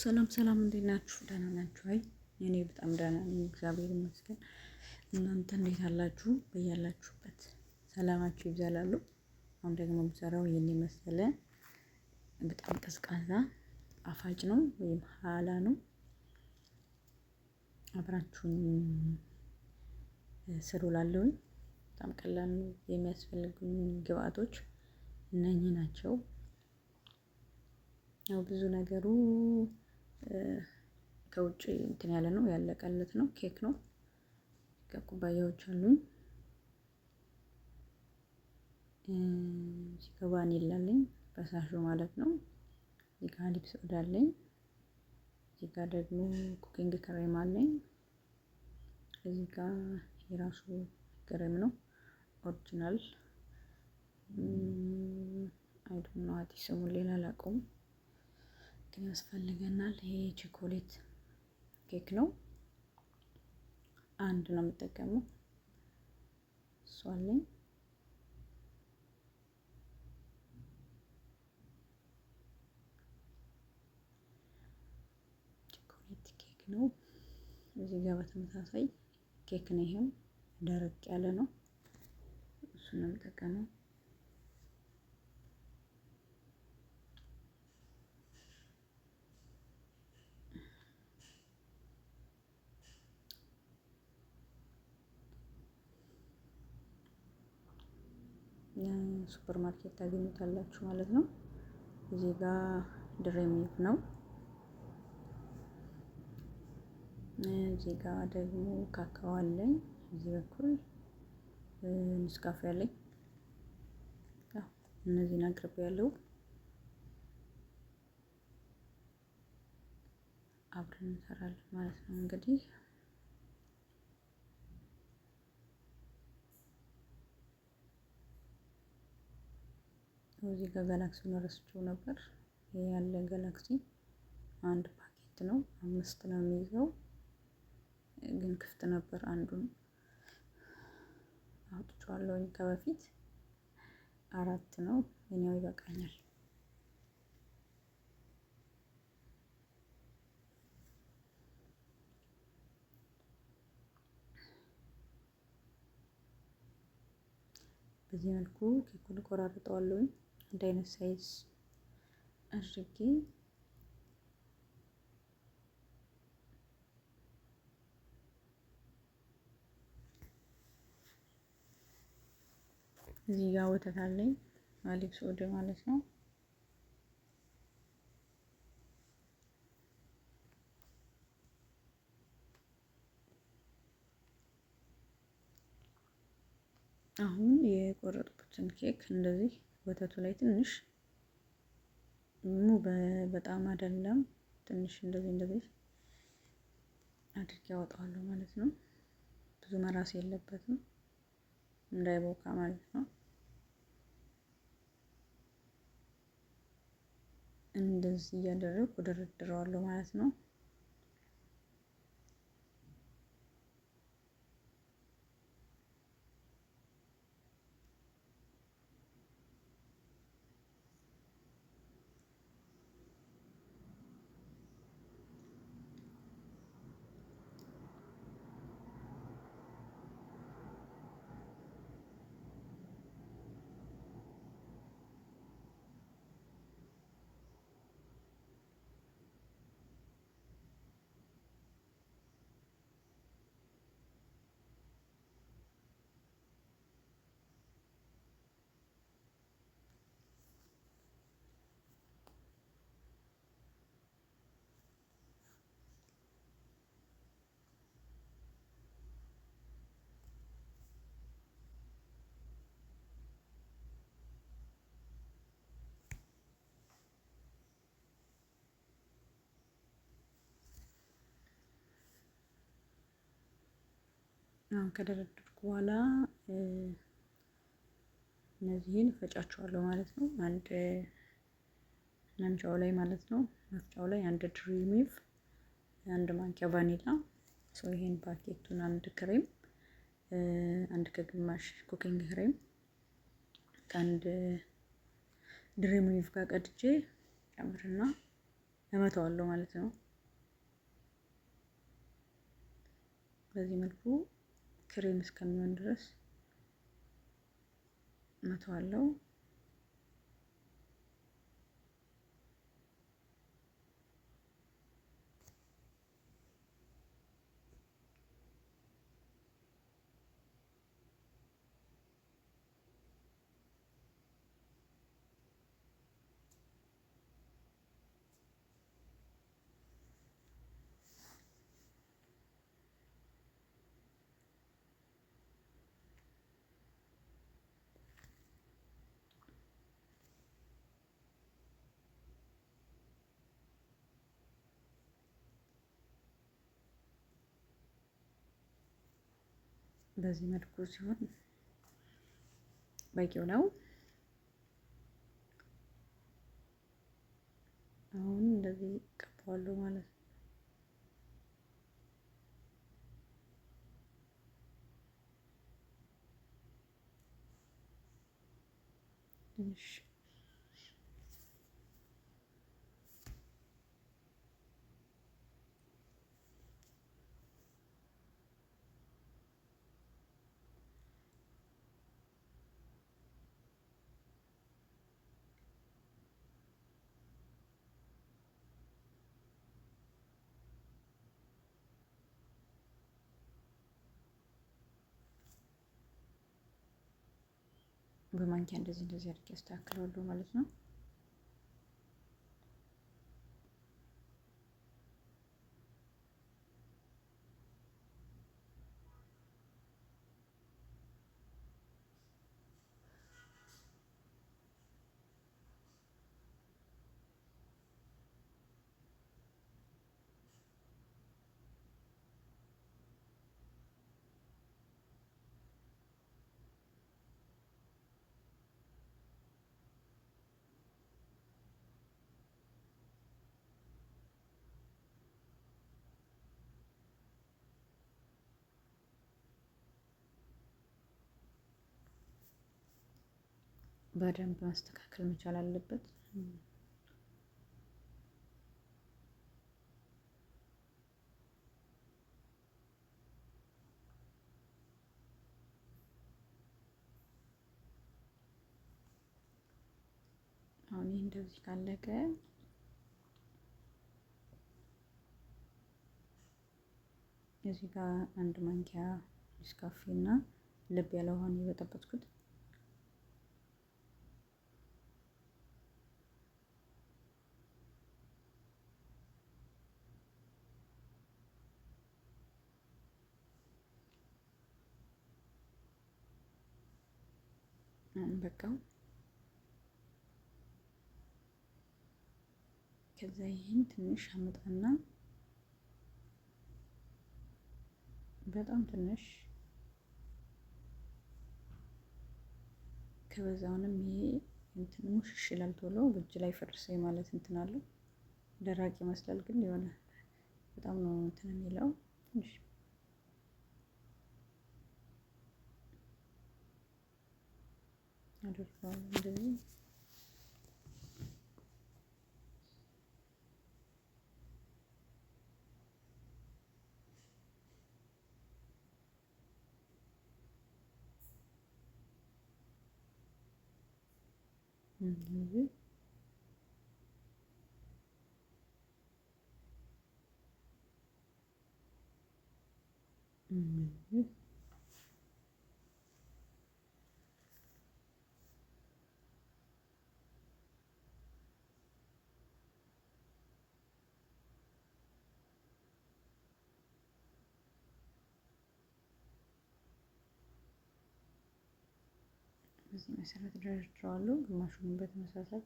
ሰላም ሰላም፣ እንዴት ናችሁ? ደህና ናችሁ? አይ እኔ በጣም ደህና ነኝ፣ እግዚአብሔር ይመስገን። እናንተ እንዴት አላችሁ? በያላችሁበት ሰላማችሁ ይብዛላሉ። አሁን ደግሞ የምሰራው ይህን የመሰለ በጣም ቀዝቃዛ ጣፋጭ ነው ወይም ሀላ ነው። አብራችሁን ስሩ። ላለውኝ በጣም ቀላል ነው። የሚያስፈልጉኝ ግብአቶች እነኚህ ናቸው። ያው ብዙ ነገሩ ከውጭ እንትን ያለ ነው ያለቀለት ነው ኬክ ነው። ከኩባያዎች አሉኝ ሲከባኒላ አለኝ ፈሳሹ ማለት ነው። እዚህ ጋር ሊፕስ ሶዳ አለኝ። እዚህ ደግሞ ኩኪንግ ክሬም አለኝ። እዚህ ጋር የራሱ ክሬም ነው ኦሪጂናል አይዶን ነው አዲስ ስሙን ሌላ አላውቀውም። እንትን ያስፈልገናል። ይሄ ቸኮሌት ኬክ ነው። አንድ ነው የምጠቀመው አለኝ ቸኮሌት ኬክ ነው። እዚህ ጋር በተመሳሳይ ኬክ ነው። ይሄም ደረቅ ያለ ነው። እሱ ነው የምጠቀመው ሱፐር ማርኬት ታገኙታላችሁ ማለት ነው። እዚህ ጋር ድሬ ሚልክ ነው። እዚህ ጋር ደግሞ ካካዋ አለኝ። እዚህ በኩል ንስካፍ ያለኝ እነዚህን አቅርብ ያለው አብረን እንሰራለን ማለት ነው እንግዲህ እዚህ ጋር ጋላክሲውን ረስቼው ነበር። ይሄ ያለ ጋላክሲ አንድ ፓኬት ነው፣ አምስት ነው የሚይዘው፣ ግን ክፍት ነበር። አንዱን አውጥቼዋለሁኝ ከበፊት አራት ነው። እኔው ይበቃኛል። በዚህ መልኩ ኬኩን ቆራርጠዋለሁኝ። አንድ አይነት ሳይዝ አድርጌ እዚህ ጋር ወተት አለኝ አሊፍ ሶድ ማለት ነው። አሁን የቆረጥኩትን ኬክ እንደዚህ ወተቱ ላይ ትንሽ ሙ በጣም አይደለም ትንሽ እንደዚህ እንደዚህ አድርጌ አወጣዋለሁ ማለት ነው። ብዙ መራስ የለበትም እንዳይቦካ ማለት ነው። እንደዚህ እያደረግኩ ድርድረዋለሁ ማለት ነው። አሁን ከደረደርኩ በኋላ እነዚህን ፈጫቸዋለሁ ማለት ነው። አንድ መምቻው ላይ ማለት ነው መፍጫው ላይ አንድ ድሪሚቭ፣ ሚልክ፣ አንድ ማንኪያ ቫኒላ ሰው ይሄን ፓኬቱን፣ አንድ ክሬም፣ አንድ ከግማሽ ኩኪንግ ክሬም ከአንድ ድሪሚቭ ጋር ቀድጄ ጨምርና እመተዋለሁ ማለት ነው። በዚህ መልኩ ክሬም እስከሚሆን ድረስ መተዋለው። በዚህ መልኩ ሲሆን በቂው ነው። አሁን እንደዚህ ቀባዋለሁ ማለት ነው። እሺ በማንኪያ እንደዚህ እንደዚህ አድርጌ አስተካክለዋለሁ ማለት ነው። በደንብ ማስተካከል መቻል አለበት። አሁን ይህ እንደዚህ ካለቀ እዚህ ጋር አንድ ማንኪያ ኔስካፌ እና ልብ ያለ ውሃ ነው አንበቃው። ከዛ ይህን ትንሽ አመጣና በጣም ትንሽ ከበዛውንም ይሄ እንትን ሙሽሽ ይላል ቶሎ እጅ ላይ ፈርስ ማለት እንትን አለው። ደራቅ ይመስላል ግን የሆነ በጣም ነው እንትን የሚለው ትንሽ Dur kaldırayım. Hı hı. Hı hı. በዚህ መሰረት ደርድረዋለሁ። ግማሹንም በተመሳሳይ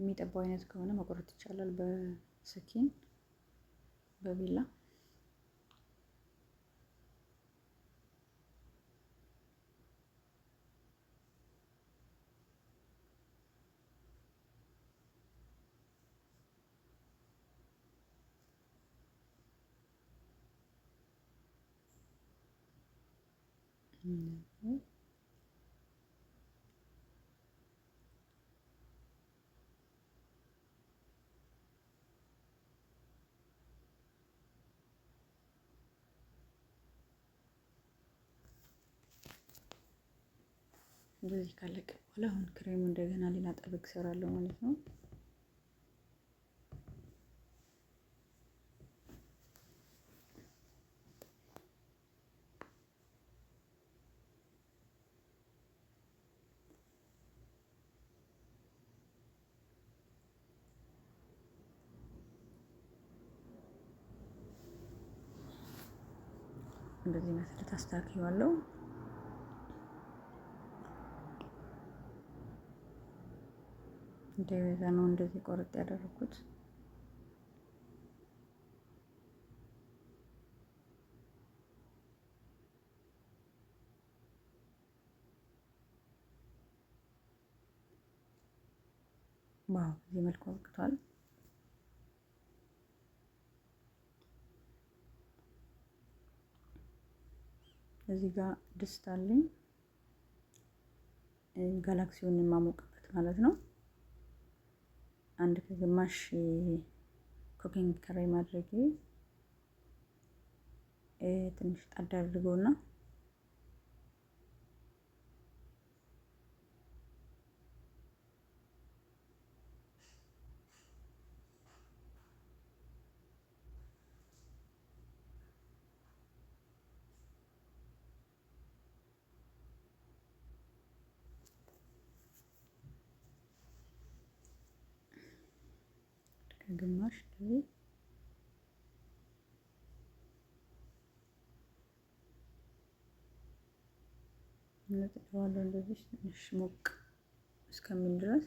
የሚጠባው አይነት ከሆነ መቁረጥ ይቻላል በስኪን በቢላ እንደዚህ ካለቀ በኋላ አሁን ክሬሙ እንደገና ሌላ ጠበቅ እሰራለሁ ማለት ነው። በዚህ መሰረት አስተካክያዋለሁ። እንደዛ ነው እንደዚህ ቆርጥ ያደረኩት። ዋው በዚህ መልኩ አብቅቷል። እዚህ ጋር ድስት አለኝ ጋላክሲውን የማሞቅበት ማለት ነው። አንድ ከግማሽ ኩኪንግ ከራይ ማድረጌ ትንሽ ጣድ አድርገውና ከግማሽ ላይ እንጥለዋለን። እንደዚህ ትንሽ ሞቅ እስከሚል ድረስ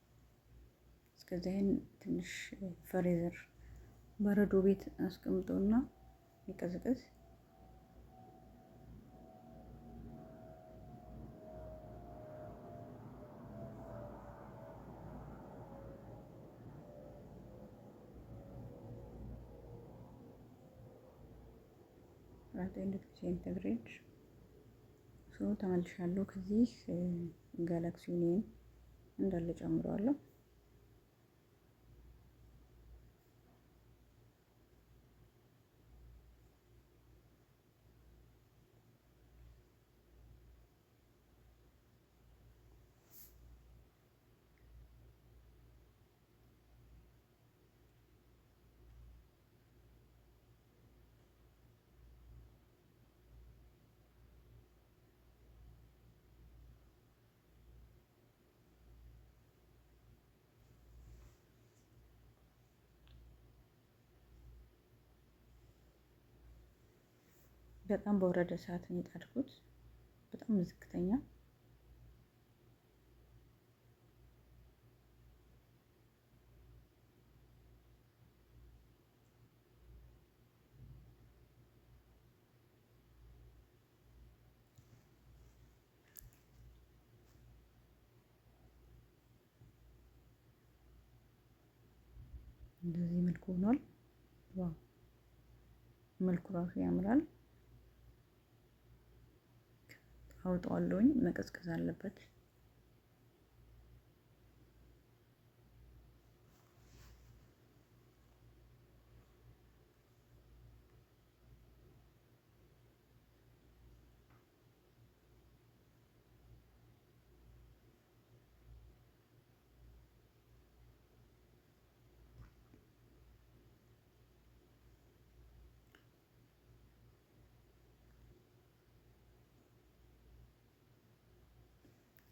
እስከዚህን ትንሽ ፍሬዘር በረዶ ቤት አስቀምጦና ይቀዝቅዝ። ሴንቲግሬድ ሶ ተመልሻለሁ። ከዚህ ጋላክሲ ኔም እንዳለ ጨምረዋለሁ። በጣም በወረደ ሰዓት ነው የጣድኩት። በጣም ዝቅተኛ እንደዚህ መልኩ ሆኗል። ዋው መልኩ ራሱ ያምራል። አውጠዋለሁኝ። መቀዝቀዝ አለበት።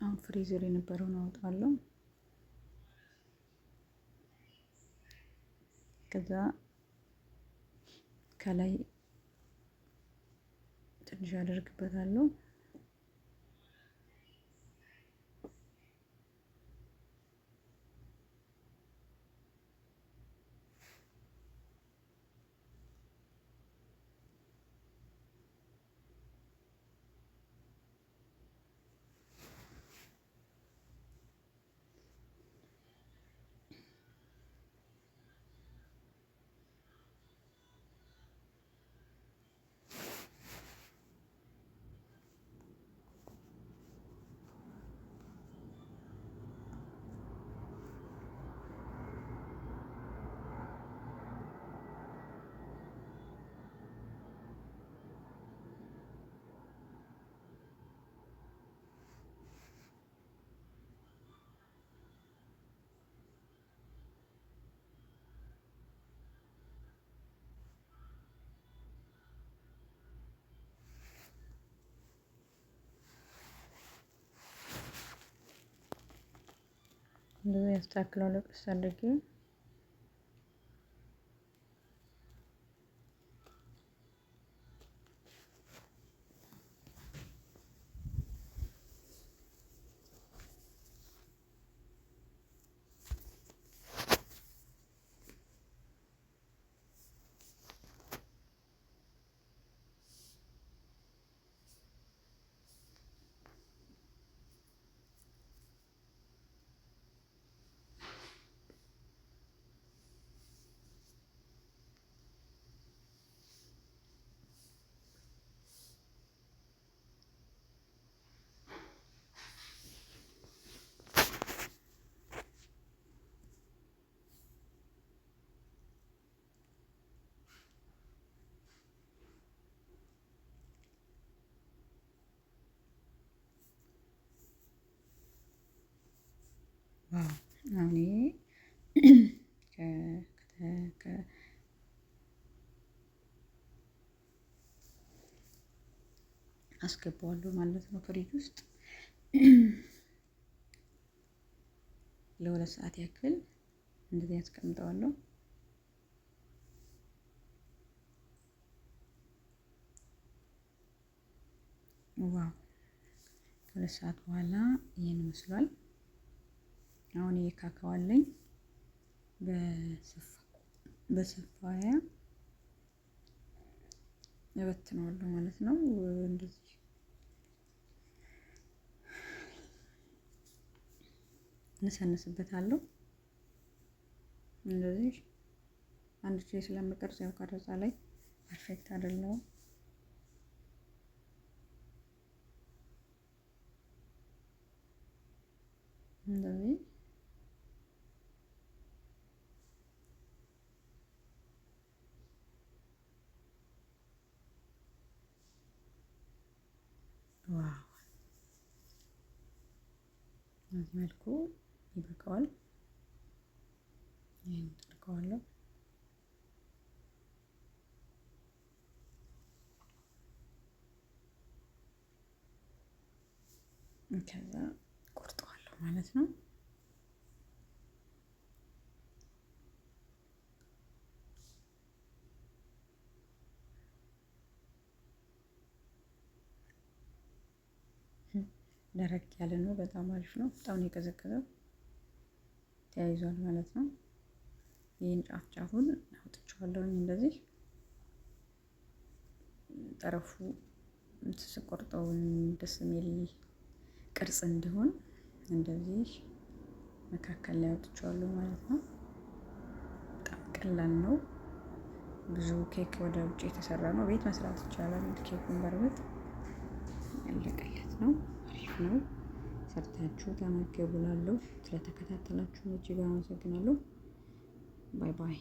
አሁን ፍሬዘር የነበረውን አወጣዋለሁ። ከዛ ከላይ ትንሽ አደርግበታለሁ። እንደዛ ያስተካክለዋለሁ ቀስ አድርጌ ዋው! አሁን አስገባዋለሁ ማለት ነው ፍሪጅ ውስጥ ለሁለት ሰዓት ያክል እንደዚህ ያስቀምጠዋለሁ። ዋው! ከሁለት ሰዓት በኋላ ይህን ይመስሏል። አሁን የካካዋለኝ በስፋያ እበትነዋለሁ ማለት ነው። እንደዚህ እነሰንስበታለሁ። እንደዚህ አንድ ጊዜ ስለምቀርጽ ያው ቀረጻ ላይ ፐርፌክት አይደለሁም። እንደዚህ በዚህ መልኩ ይበቃዋል። ይህን አድርገዋለሁ። ከዛ ቆርጠዋለሁ ማለት ነው። ደረቅ ያለ ነው። በጣም አሪፍ ነው። በጣም ነው የቀዘቀዘው። ተያይዟል ማለት ነው። ይህን ጫፍ ጫፉን አውጥቼዋለሁኝ እንደዚህ ጠረፉ ስቆርጠው ደስ የሚል ቅርጽ እንዲሆን እንደዚህ መካከል ላይ አውጥቼዋለሁ ማለት ነው። በጣም ቀላል ነው። ብዙ ኬክ ወደ ውጭ የተሰራ ነው። ቤት መስራት ይቻላል። ኬኩን በርበት ያለቀለት ነው። ነው። ሰርታችሁ ተመገቡ። ስለተከታተላችሁ እጅግ አመሰግናለሁ። ባይ ባይ